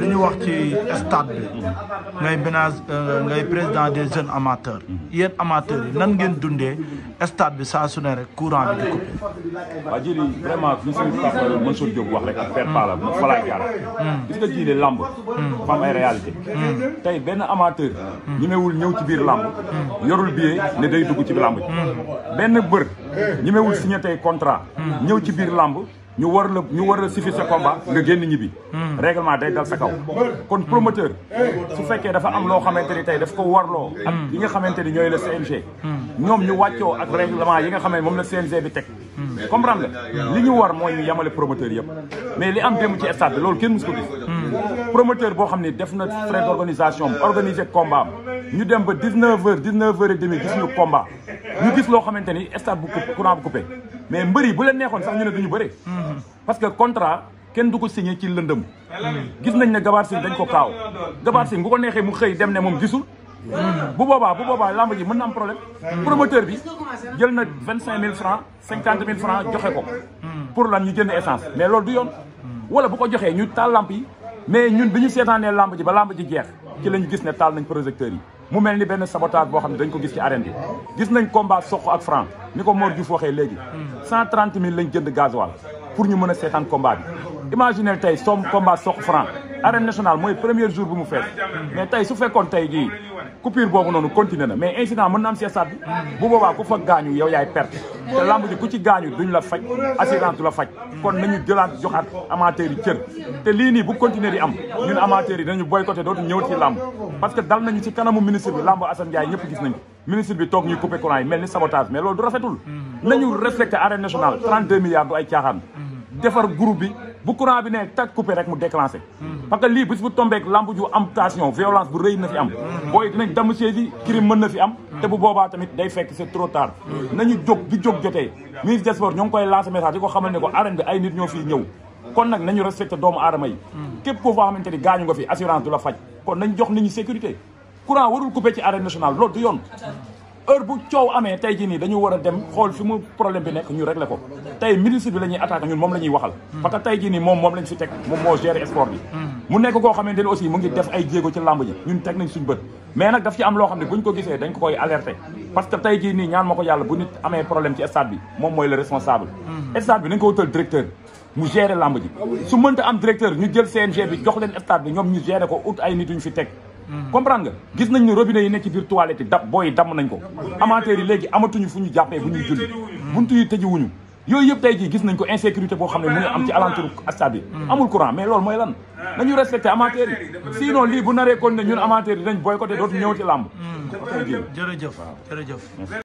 li ñu wax ci stade bi ngay benaz euh, ngay président des jeunes amateur yéen amateur yi nan ngeen dundee stade bi saa sune rek courant bi di coupé waaw jili vraiment ñu suñu papa wax rek affaire pa la fa laa jaar hmm. gis nga jiile hmm. tey benn amateur ñu ñëw ci biir làmb hmm. yorul billet ne day dugg ci lamb benn bër ñu mewul signé contrat ñëw ci biir làmb ñu war la ñu war la suffire sa combat nga génn ñibbi. Hmm. règlement day dal sa kaw. kon promoteur. su fekkee dafa am loo xamante ni tey daf ko warloo. ak hmm. yi nga xamante ni ñooy la CNG. Hmm. ñoom ñu wàccoo ak règlement yi nga xam ne moom la CNG bi teg. comprendre nga li ñu war mooy ñu yemale promoteur yëpp mais li am démb ci stade loolu kenn mus ko gis. promoteur boo xam ne def na frais d'organisation organisé combat ñu dem ba 19h 19h30 gis ñu combat ñu xamante ni stade bu courant mais mbër yi bu leen neexoon sax ñu ne duñu bëri mm-hmm. parce que contrat kenn du ko signé ci lëndëm gis nañ ne gabaar sin dañ ko kaaw gabaar sin bu ko neexee mu xëy dem ne moom gisul bu boobaa bu boobaa lamb ji mën na am problème promoteur bi jël na vingt cinq mille francs cinquante mille francs joxe ko mm-hmm. pour lan ñu jënd essence mais loolu du yoon mm-hmm. wala bu ko joxee ñu taal lamp yi mais ñun bi ñu seetaanee lamb ji ba lamb ji jeex ci la gis ne taal nañ projecteurs yi mu mel ni benn sabotage boo xam ne dañ ko gis ci arène bi gis nañ combat soq ak franc ni ko Mor Diouf waxee léegi cent trente mille lañ jënd gasoil pour ñu mën a seetaan combat bi imaginez tey somme combat soq franc arène nationale mooy premier jour bu mu fees mais tey su fekkoon tey jii coupure boobu noonu continué na mais incident mën na am si stade bi bu boobaa ku fa gaañu yow yaay perte te lamb ji ku ci gaañu duñ la faj assurance du la faj kon nañu jëlaat joxaat amateurs yi cër te lii nii bu continuer di am ñun amateurs yi dinañu boycotté dootu ñëw ci lamb parce que dal nañu ci kanamu ministre bi lamb Assane Ndiaye ñëpp gis nañu ministre bi toog ñuy coupé courant yi mel ni sabotage mais loolu du defar group bi bu courant bi ne tak coupé rek mu déclancé hmm. parce que lii bis bu tombeek lamb ju am tension violence bu rëy na fi am hmm. booy dinañ damm siège yi mën na fi am hmm. te bu boobaa tamit day fekk c'est trop tard ñu jóg di jóg jotee ministre des sports ñoo ngi koy lancé message di ko xamal ne ko arène bi ay nit ñoo fii ñëw kon nag nañu respecté doomu aadama yi képp koo foo xamante ni gaañu nga fi assurance du la faj kon nañ jox nit ñi sécurité courant warul coupé loolu du yoon heure bu coow amee tey jii nii dañu war a dem xool fi mu problème bi nekk ñu réglé ko tey ministre bi la ñuy ñun moom la ñuy waxal parce que tey jii nii moom moom lañ teg moom moo géré sport bi koo xamante ne aussi mu ngi def ay jéego ci làmb ji ñun suñ bët mais nag daf ci am loo xam ne buñ ko gisee dañ ko koy alerté parce que tey jii nii ñaan ma ko yàlla bu nit amee problème ci stade bi moom mooy le responsable hmm. stade bi nañ ko wutal directeur mu géré làmb ji su mënta am directeur ñu jël CNG bi jox leen stade bi ñoom ñu nit ñu fi teg Mm-hmm. comprendre nga gis nañ ni yi nekk ci biir toilette yi dab booy damm nañ ko amateurs yi léegi amatuñu fu ñu jàppee bu ñuy julli mm-hmm. buntu yi tëjuwuñu yooyu yëpp tey jii gis nañ ko insécurité boo xam ne mu ngi am ci alentour stade bi amul courant mais loolu mooy lan ah. nañu respecté amateurs yi sinon lii bu naree kon ne ñun amateurs yi dañ boycotté dootu ñëw làmb mm.